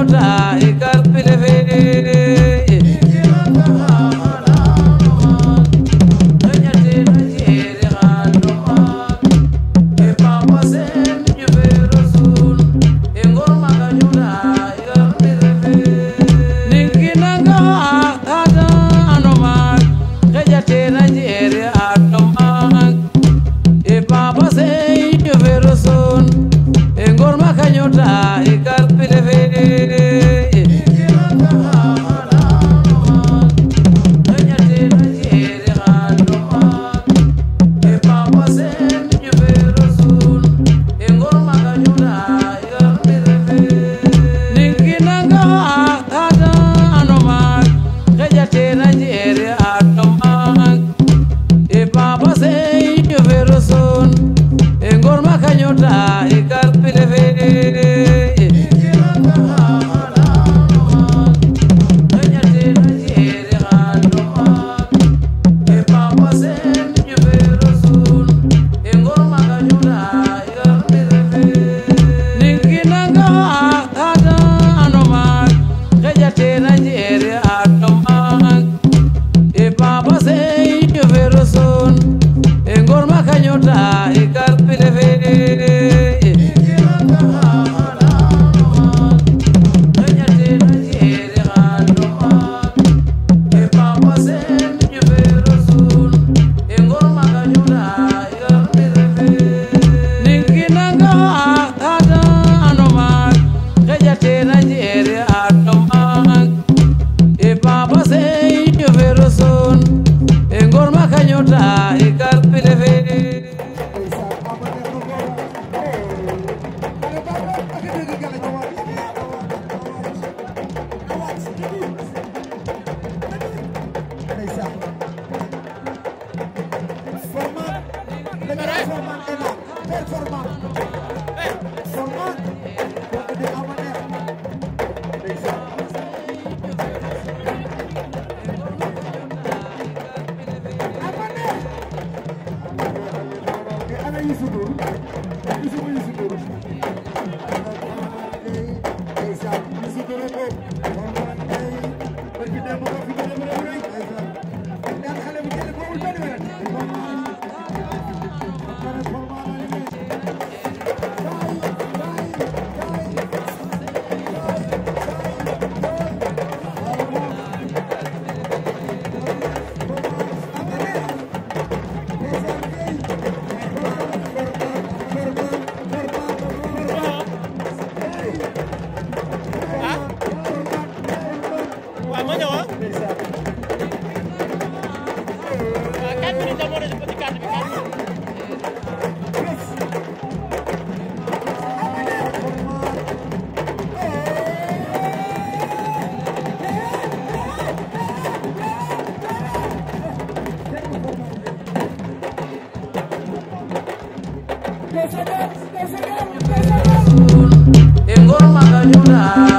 ñu taay Engorma gañuda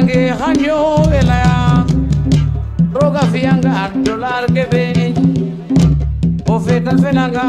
nange xa ñoowe laya roog a fiyanga a dolar ke fe o feeta fenanga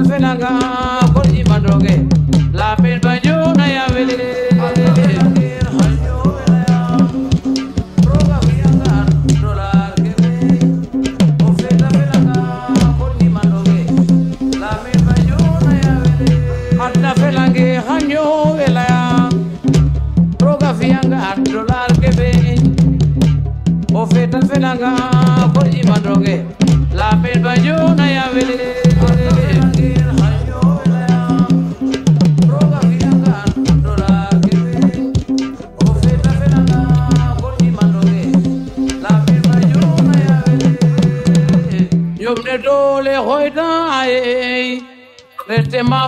a fela nga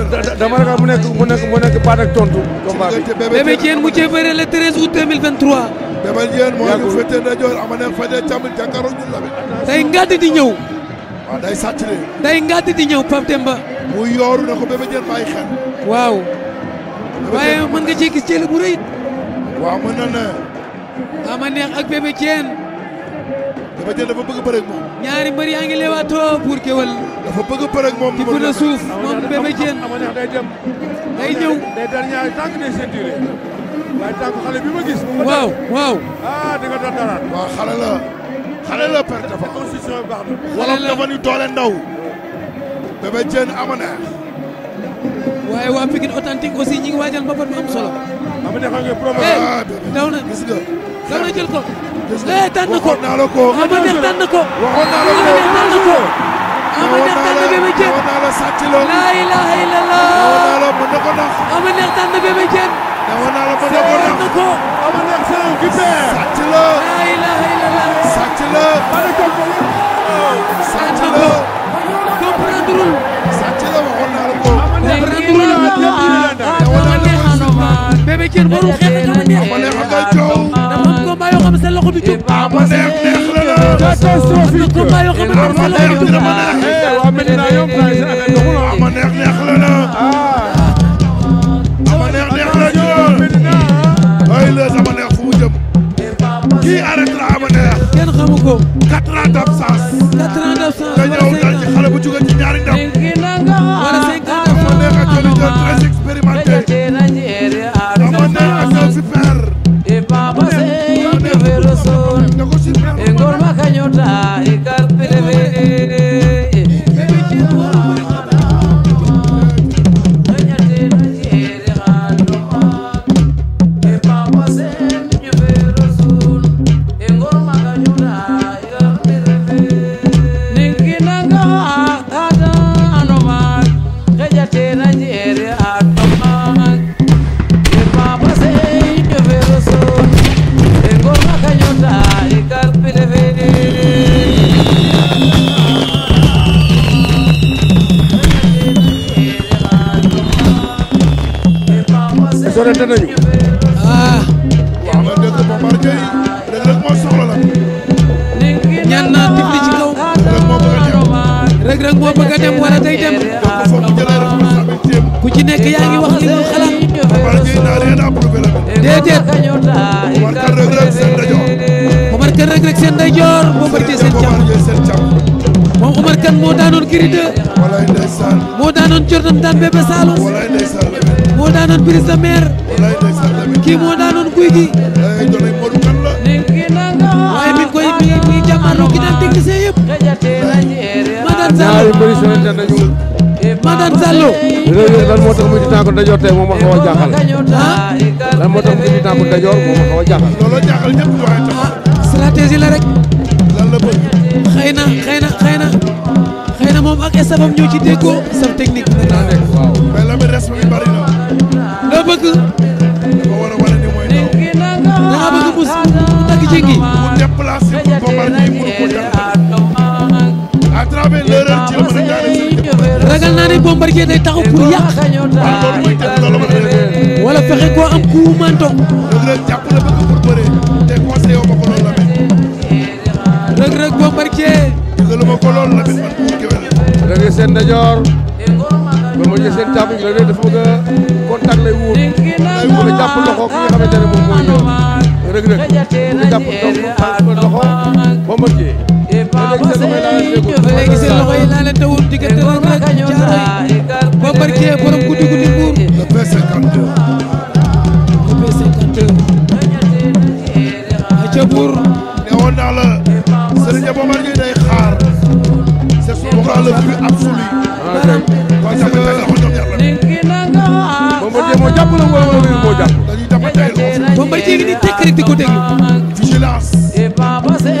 couleur dama ne ko mu nekk mu nekk mu nekk baat ak tontu. combat bi Bébé Diène mu cee bëre le 13 août 2023. Bébé Diène moo ñu féetee ndajoor am na féetee càmmoñ jàkkaarloo la bi. day ngàdd di ñëw. waaw day mu yooru na ko Bébé Diène bàyyi waaw. waaye mën nga cee gis ceele bu rëy. waaw mën a ne. ama neex ak Bébé Tapha Tine dafa bëgg bëre ak moom. ñaari mbër yaa ngi leewaatoo pour Kewel. dafa bëgg bëre ak moom. tibb na suuf moom Bébé Diène. Amanekh day dem. day ñëw day dal ñaari tànk day ceinturé. waaye tànk xale bi ma gis. waaw waaw. waa ah, di nga doon dara. waaw xale la xale la perte dafa. baax na. wala dafa ni doole ndaw. Bébé Diène Amanekh. waaye waa Pikine authentique aussi ñi ngi waajal mbapat solo. Amanekh a ngi promet. daw ko. eh tànn ko ama neex tànn ko ama neex tànn ko ama neex tànn Bébé Diène laa ilaaha illallaah ama neex tànn Bébé Diène seet na ko sàcc la laa ilaaha illallaah sàcc la sàcc la comprendrul sàcc la waxoon naa la ko comprendrul ama neex Bébé Diène warul xeex ama neex xam ne sa loxo du jóg. Ama neex neex la la. catastrophique. am na combat yoo xam ne sa loxo du jóg. Gris 2 moo daanoon Jordan daan Bébé Saloum moo daanoon Brise de Mer kii moo daanoon guy gi waaye mi ngi koy mi ngi jàmmarloo ki daan technicien yëpp maa daan Saloum maa daan Saloum lan moo tax mu ci tànk dajoor tey ma xaw a jaaxal lan moo tax mu ci tànk dajoor moom ma xaw a jaaxal ah, stratégie la rek xëy sabab ñoo ci déggoo sab technique. naa nekk waaw mais la na. loo bëgg. li ko war a wane ni mooy mu takk jéngi. mu déplacé pour Bombardier mu ko jàpp. à travers ci la mën a ñaare ragal naa ne day taxaw pour yàq. waaw fexe koo am ku mu mën toog. Reug la bëgg pour bëree te conseillé wu ma ko loolu la mel. Reug Reug Bombardier. dëgg la ma ko loolu la mel. rewe seen ndajoor ba ma jël seen càmmoñ rewe dafa bëgg a contact lay wut bëgg a jàpp loxo ki nga xamante ne moom mooy Reug Reug bëgg a jàpp loxo ba ma jee léegi seen loxo yi laalante woon diggante Reug Reug Bombardier dégg di tekk rek di ko déglu. vigilance.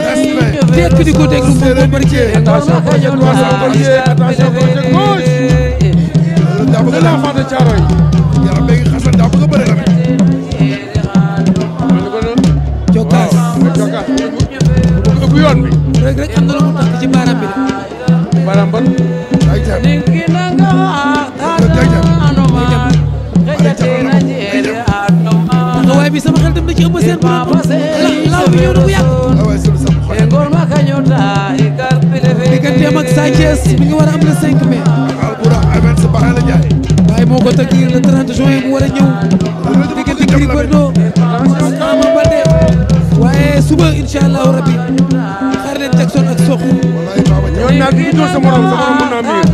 respect. tekk di ko déglu moom moo bëri cee. attention projet gauche attention projet gauche. bis bi nga war a am le 5 mai. alburak events Baara Ndiaye. waaye moo ko tëgg le 30 juin mu war a ñëw. diggante Gris Bordeaux ak Ama waaye suba incha allah rabi xaar leen Jackson ak Sokh. ñooñu nag ñu doon sa morom sa morom mën naa miir.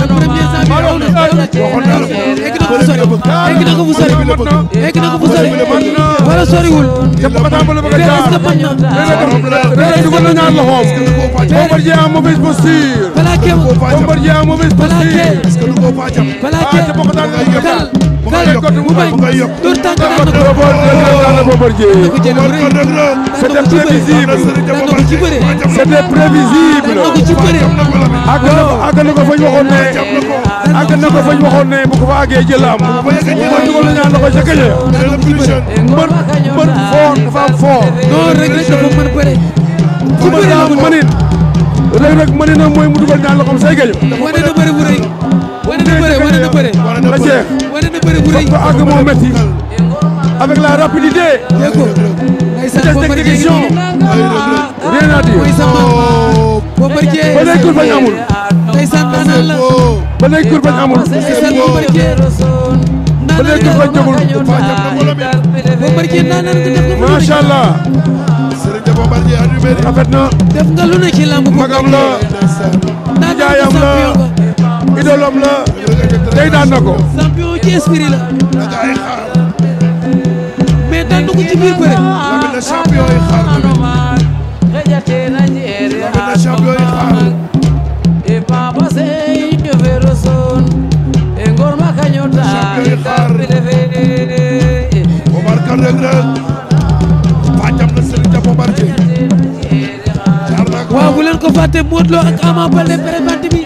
le premier janvier aw na aw na ko sori egg na ko fu sori egg na ko fu sori wala soriwul mais est-ce que mën na mais dugal na ñaar loxoom Bombardier a mauvaise posture Balaké Bombardier a mauvaise posture Balaké kal kal mu bañ door tànk daan na ko c'était prévisible daan na ko ci bëre c'était prévisible àgg na ko àgg na ko fañ waxoon ne àgg na ko fañ waxoon ne bu ko fa àggee jël am mooy dugal na ñaan la ko ca mbër mbër foo dafa am foo non rek rek dafa mën a bëre na mooy mu dugal ñaan la ko say gañ la jeex wane na bëre bu rëy fa àgg moo métti avec la rapidité dégg ko c'est exécution rien à dire boo barjee ba ndeysaan ah, daanaan la ba léegi kur bañ amul ba léegi kur bañ amul Bombardier naanaan nga def na macha allah Serigne Bombardier adumeri rafet na def nga lu ne ci lamb magam la jaayam la idolom la tey daan na ko champion ci esprit la mais daan na ko ci biir bëre champion yi xaar la waajam na Serigne Dia Bombardier waaw bu leen ko fàtte Modou Lo ak Ama Baldé présenté bi